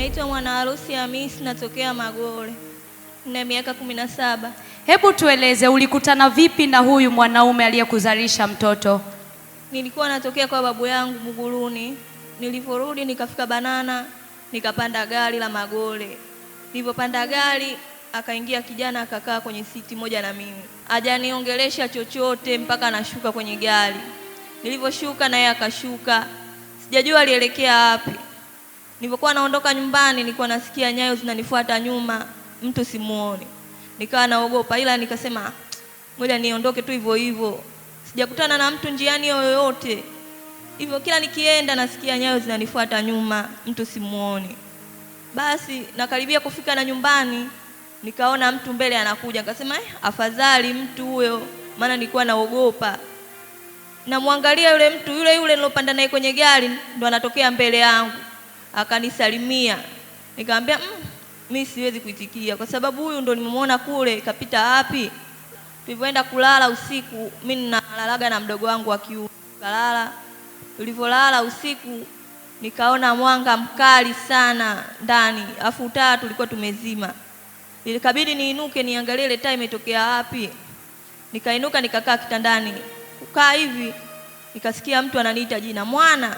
Naitwa mwana harusi Hamisi, natokea magore na miaka kumi na saba. Hebu tueleze ulikutana vipi na huyu mwanaume aliyekuzalisha mtoto? Nilikuwa natokea kwa babu yangu Muguruni, nilivyorudi nikafika Banana, nikapanda gari la magore Nilivyopanda gari akaingia kijana akakaa kwenye siti moja na mimi, ajaniongelesha chochote mpaka anashuka kwenye gari. Nilivyoshuka naye akashuka, sijajua alielekea wapi Nilipokuwa naondoka nyumbani, nilikuwa nasikia nyayo zinanifuata nyuma, mtu simuoni, nikawa naogopa, ila nikasema ngoja niondoke tu hivyo hivyo, sijakutana na mtu njiani yoyote. Hivyo kila nikienda nasikia nyayo zinanifuata nyuma, mtu simuoni. Basi nakaribia kufika na nyumbani, nikaona mtu mbele anakuja, nikasema eh, afadhali mtu huyo, maana nilikuwa naogopa. Namwangalia yule mtu yule yule nilopanda naye kwenye gari, ndo anatokea mbele yangu akanisalimia, nikamwambia mm, mi siwezi kuitikia kwa sababu huyu ndo nimemwona kule kapita wapi. Tulivyoenda kulala usiku, mi nalalaga na mdogo wangu wa kiume, kalala. Tulivyolala usiku, nikaona mwanga mkali sana ndani, afu taa tulikuwa tumezima. Ilikabidi niinuke niangalie ile taa imetokea wapi. Nikainuka nikakaa kitandani, kukaa hivi nikasikia mtu ananiita jina, mwana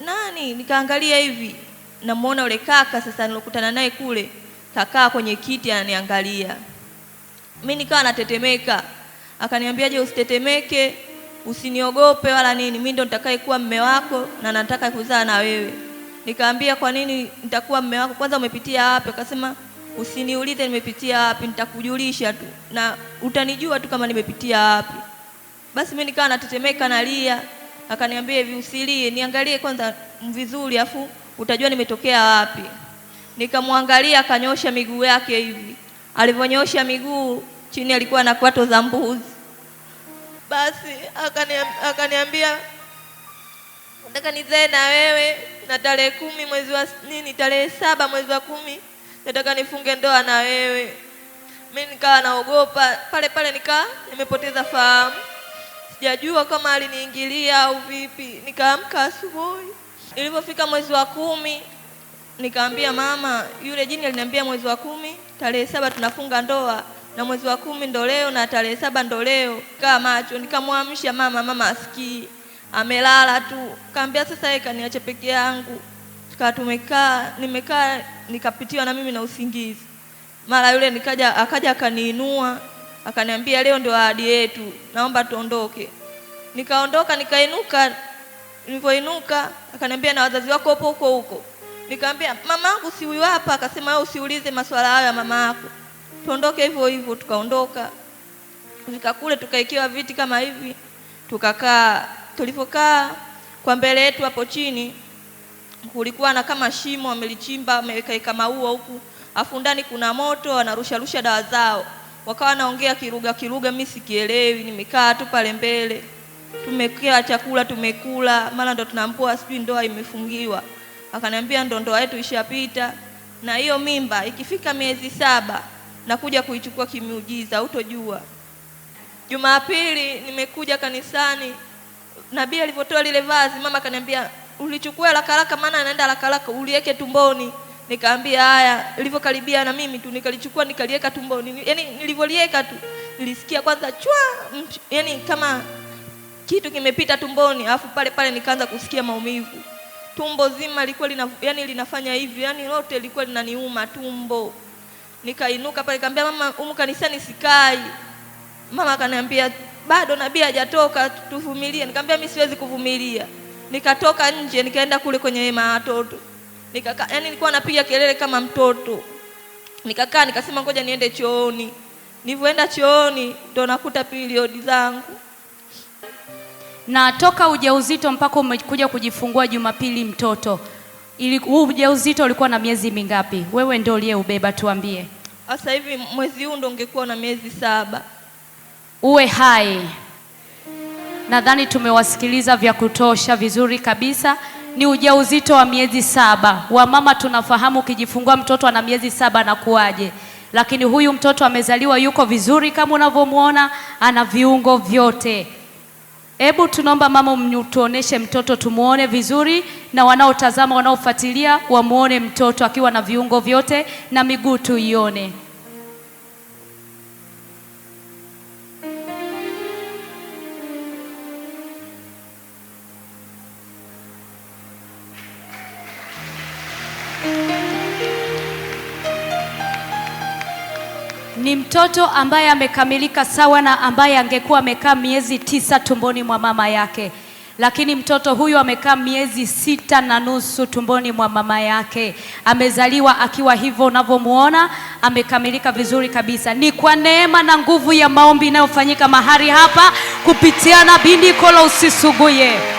nani, nikaangalia hivi, namuona yule kaka sasa nilokutana naye kule, kakaa kwenye kiti ananiangalia mimi, nikawa natetemeka. Akaniambia, je, usitetemeke, usiniogope wala nini, mimi ndo nitakayekuwa mme wako na nataka kuzaa na wewe. Nikaambia, kwa nini nitakuwa mme wako? Kwanza umepitia wapi? Akasema, usiniulize nimepitia wapi, nitakujulisha tu na utanijua tu kama nimepitia wapi. Basi mimi nikawa natetemeka, nalia akaniambia hivi, usilie, niangalie kwanza vizuri, afu utajua nimetokea wapi. Nikamwangalia, akanyosha miguu yake hivi, alivyonyosha miguu chini alikuwa na kwato za mbuzi. Basi akaniambia nataka nizae na wewe, na tarehe kumi mwezi wa nini, tarehe saba mwezi wa kumi nataka nifunge ndoa na wewe. Mi nikawa naogopa pale pale, nikaa nimepoteza fahamu sijajua kama aliniingilia au vipi. Nikaamka asubuhi, ilipofika mwezi wa kumi nikaambia mama, yule jini aliniambia mwezi wa kumi tarehe saba tunafunga ndoa na mwezi wa kumi ndo leo na tarehe saba ndo leo. Kaa macho, nikamwamsha mama, mama asikii, amelala tu. Kaambia sasa yeye kaniache peke yangu, tukaa tumekaa, nimekaa nikapitiwa na mimi na usingizi, mara yule nikaja akaja akaniinua akaniambia leo ndio ahadi yetu, naomba tuondoke. Nikaondoka, nikainuka. Nilipoinuka akaniambia na wazazi wako upo huko huko. Nikamwambia mama yangu huyu hapa, akasema wewe usiulize maswala hayo ya mama yako, tuondoke hivyo hivyo. Tukaondoka, fika kule tukaikiwa viti kama hivi, tukakaa. Tulipokaa kwa mbele yetu hapo chini kulikuwa na kama shimo wamelichimba, wameweka maua huku, afu ndani kuna moto, wanarusharusha dawa zao wakawa naongea kiruga kiruga, mimi sikielewi, nimekaa tu pale mbele, tumekea chakula tumekula, maana ndo tunaambiwa sijui ndoa imefungiwa. Akaniambia ndo ndoa yetu ishapita, na hiyo mimba ikifika miezi saba nakuja kuichukua kimiujiza, utojua. Jumapili nimekuja kanisani, nabii alivyotoa lile vazi, mama akaniambia ulichukua haraka haraka, maana anaenda haraka haraka, uliweke tumboni Nikaambia haya, nilivyokaribia na mimi tu nikalichukua nikaliweka tumboni. Yaani nilivyoliweka tu nilisikia kwanza chwa, yaani kama kitu kimepita tumboni, alafu pale pale nikaanza kusikia maumivu. Tumbo zima lilikuwa lina, yaani linafanya hivi, yaani lote lilikuwa linaniuma tumbo. Nikainuka pale nikamwambia mama, umu kanisani sikai. Mama akaniambia bado nabii hajatoka, tuvumilie. Nikamwambia mimi siwezi kuvumilia. Nikatoka nje nikaenda kule kwenye hema ya watoto. Nikaka, yani nilikuwa napiga kelele kama mtoto. Nikakaa nikasema ngoja niende chooni. Nilivyoenda chooni ndo nakuta period zangu. Na toka ujauzito mpaka umekuja kujifungua Jumapili mtoto. Ili huu ujauzito ulikuwa na miezi mingapi? Wewe ndio ubeba tuambie. Sasa hivi mwezi huu ndo ungekuwa na miezi saba. Uwe hai. Nadhani tumewasikiliza vya kutosha vizuri kabisa ni ujauzito wa miezi saba. Wamama tunafahamu ukijifungua mtoto ana miezi saba anakuwaje, lakini huyu mtoto amezaliwa yuko vizuri kama unavyomwona, ana viungo vyote. Hebu tunaomba mama, tuoneshe mtoto tumuone vizuri, na wanaotazama wanaofuatilia wamwone mtoto akiwa na viungo vyote na miguu tuione. ni mtoto ambaye amekamilika sawa na ambaye angekuwa amekaa miezi tisa tumboni mwa mama yake, lakini mtoto huyu amekaa miezi sita na nusu tumboni mwa mama yake. Amezaliwa akiwa hivyo unavyomuona, amekamilika vizuri kabisa. Ni kwa neema na nguvu ya maombi inayofanyika mahali hapa kupitia na Nabii Nicolas Sisuguye.